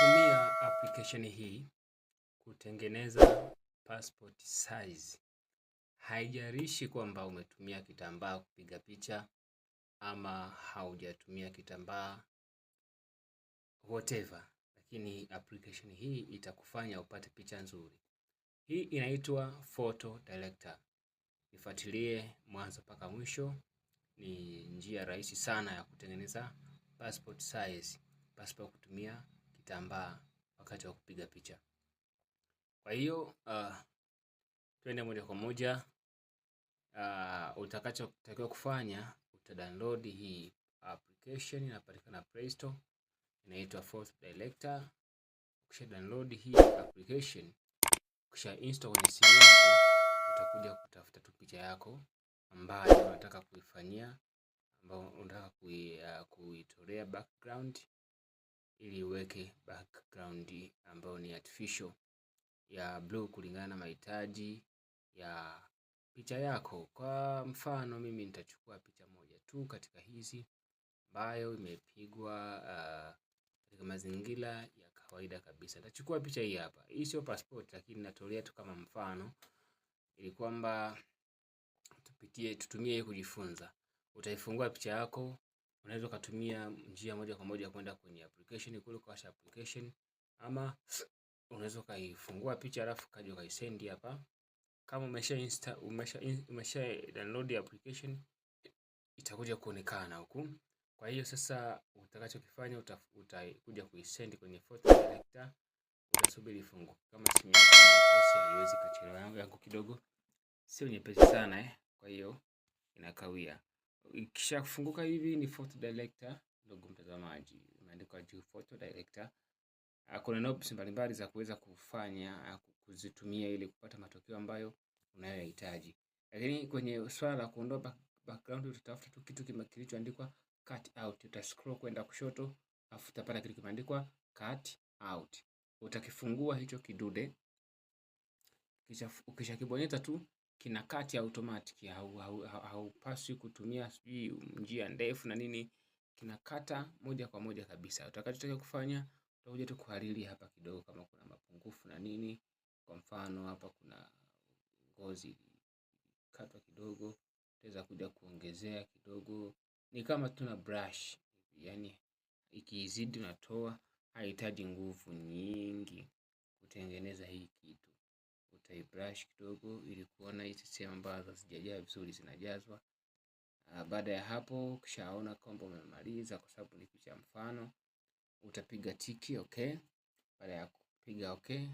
Tumia application hii kutengeneza passport size. Haijarishi kwamba umetumia kitambaa kupiga picha ama haujatumia kitambaa whatever, lakini application hii itakufanya upate picha nzuri. Hii inaitwa Photo Director. Ifuatilie mwanzo mpaka mwisho, ni njia rahisi sana ya kutengeneza passport size pasipo kutumia kitambaa wakati wa kupiga picha. Kwa hiyo uh, ah, tuende moja kwa moja uh, utakachotakiwa kufanya uta download hii application inapatikana Play Store, inaitwa Fourth Director. Ukisha download hii application, ukisha install kwenye simu yako, utakuja kutafuta tu picha yako ambayo unataka kuifanyia, ambayo unataka ah, kuitolea background ili uweke background ambayo ni artificial ya blue kulingana na mahitaji ya picha yako. Kwa mfano, mimi nitachukua picha moja tu katika hizi ambayo imepigwa uh, katika mazingira ya kawaida kabisa. Nitachukua picha hii hapa. Hii sio passport, lakini natolea tu kama mfano ili kwamba tupitie, tutumie kujifunza. Utaifungua picha yako unaweza ukatumia njia moja kwa moja kwenda kwenye application kule ukawasha application, ama unaweza ukaifungua picha alafu kaja ukaisendi hapa. Kama umesha insta, umesha, umesha download application itakuja kuonekana huku. Kwa hiyo sasa utakachokifanya utakuja kuisendi kwenye photo selector, utasubiri ifunguke. Kama simu haiwezi kachelewa, yangu yangu kidogo sio nyepesi sana eh, kwa hiyo inakawia. Kisha kufunguka hivi ni photo director, ndugu mtazamaji, imeandikwa juu photo director. Ah, kuna knobs mbalimbali za kuweza kufanya ah, kuzitumia ili kupata matokeo ambayo unayohitaji, lakini kwenye swala la kuondoa background utatafuta tu kitu kilichoandikwa cut out. Uta scroll kwenda kushoto, afu utapata kitu kimeandikwa cut out. Utakifungua hicho kidude, kisha ukishakibonyeza tu kinakati automatic, haupaswi kutumia sijui njia ndefu na nini, kinakata moja kwa moja kabisa. Utakachotaka kufanya utakuja tu kuhariri hapa kidogo, kama kuna mapungufu na nini. Kwa mfano hapa kuna ngozi katwa kidogo, utaweza kuja kuongezea kidogo. Ni kama tuna brush, yani ikizidi unatoa, haihitaji nguvu nyingi kutengeneza hii kitu brush kidogo ili kuona hizi sehemu ambazo hazijajaa vizuri zinajazwa. Ah, baada ya hapo, ukishaona kwamba umemaliza, kwa sababu ni picha mfano, utapiga tiki okay. Baada ya kupiga okay,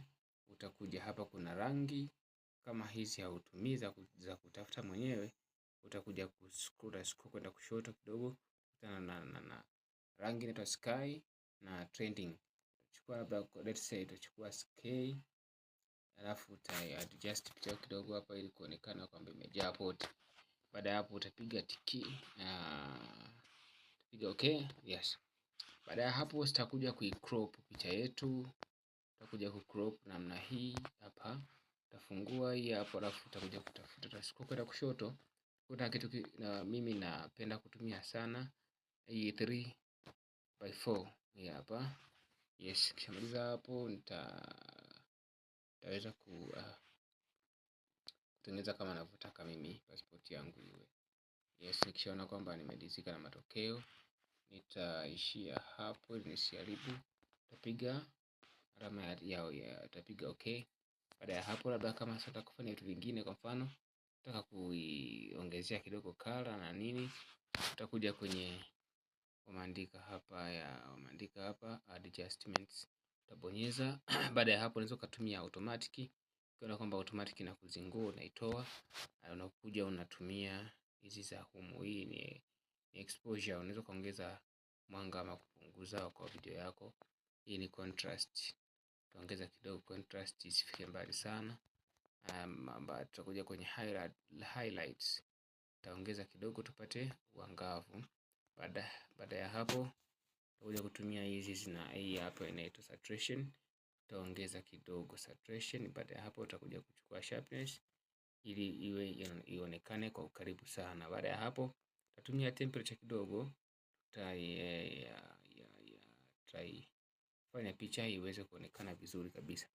utakuja hapa, kuna rangi kama hizi hautumii za kutafuta mwenyewe, utakuja kuscroll scroll kwenda kushoto kidogo, kutana na, na, na rangi inaitwa sky na trending. Utachukua labda let's say utachukua sky alafu uta adjust picha kidogo hapa ili kuonekana kwamba imejaa port. Baada ya hapo utapiga tiki na piga okay, yes. Baada ya hapo tutakuja kuicrop picha yetu, tutakuja kucrop namna hii hapa, utafungua hii hapo, alafu utakuja kutafuta, tasiko kwenda kushoto. Kuna kitu ki, na mimi napenda kutumia sana hii 3 by 4 hii hapa, yes. Kishamaliza hapo nita Nitaweza ah, kutengeneza kama navyotaka mimi passport yangu iwe. Yes, nikishaona kwamba nimeridhika na matokeo nitaishia hapo ili nisiharibu. tapiga alama yao ya tapiga okay. Baada ya hapo, labda kama sasa kufanya vitu vingine, kwa mfano nataka kuiongezea kidogo kala na nini, utakuja kwenye wameandika hapa ya wameandika hapa adjustments utabonyeza. Baada ya hapo, unaweza ukatumia automatic. Ukiona kwamba automatic inakuzingua unaitoa, unakuja unatumia hizi za humu. Hii ni exposure, unaweza kuongeza mwanga ama kupunguza kwa video yako. Hii ni contrast, tuongeza kidogo contrast isifike mbali sana. Um, tutakuja kwenye highlight, highlights taongeza kidogo tupate uangavu. Baada ya hapo Utakuja kutumia hizi zina hii hapo inaitwa saturation, utaongeza kidogo saturation. Baada ya hapo, utakuja kuchukua sharpness ili iwe ionekane kwa ukaribu sana. Baada ya hapo, utatumia temperature kidogo, eh, fanya picha iweze kuonekana vizuri kabisa.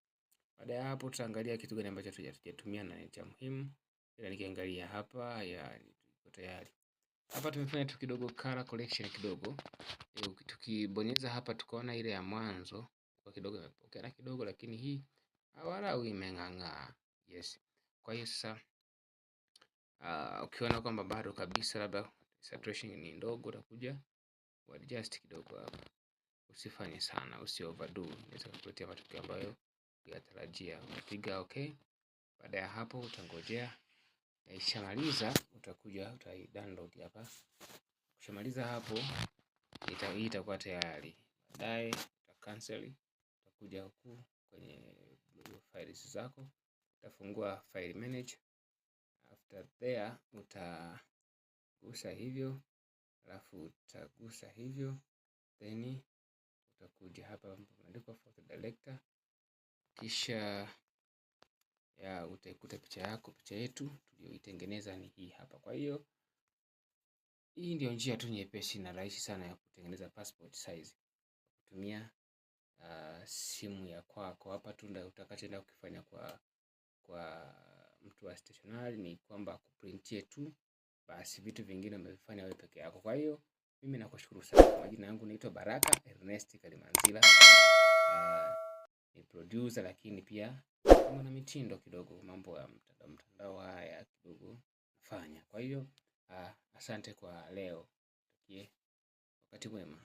Baada ya hapo, tutaangalia kitu gani ambacho tujatumia na cha muhimu. Ila nikiangalia hapa ya tayari. Hapa tumefanya tu kidogo color correction kidogo. E, tukibonyeza hapa tukaona ile ya mwanzo kwa kidogo imepokea kidogo, lakini hii walau imeng'ang'aa. Yes. Kwa hiyo sasa uh, ukiona kwamba bado kabisa labda saturation ni ndogo, utakuja adjust kidogo hapa. Usifanye sana, usi overdo, inaweza kukuletea matokeo ambayo uyatarajia. Unapiga okay. Baada ya hapo utangojea Ikishamaliza utakuja utai download hapa. Ukishamaliza hapo ita, hii itakuwa tayari. Baadaye uta cancel, utakuja huku kwenye files zako, utafungua file manager. After there utagusa hivyo, alafu utagusa hivyo, then utakuja hapa imeandikwa Photo Director kisha ya utaikuta picha yako, picha yetu tuliyoitengeneza ni hii hapa. Kwa hiyo hii ndio njia tu nyepesi na rahisi sana ya kutengeneza passport size kutumia uh, simu ya kwako. Hapa tu ndio utakachoenda kukifanya kwa kwa mtu wa stationery ni kwamba kuprintie tu, basi vitu vingine umevifanya wewe peke yako. Kwa hiyo mimi nakushukuru sana. Majina yangu naitwa Baraka Ernest Kalimanzila. Uh, ni producer lakini pia mwana mitindo kidogo, mambo ya mtandao mtandao haya kidogo nafanya. Kwa hiyo ah, asante kwa leo, takie wakati mwema.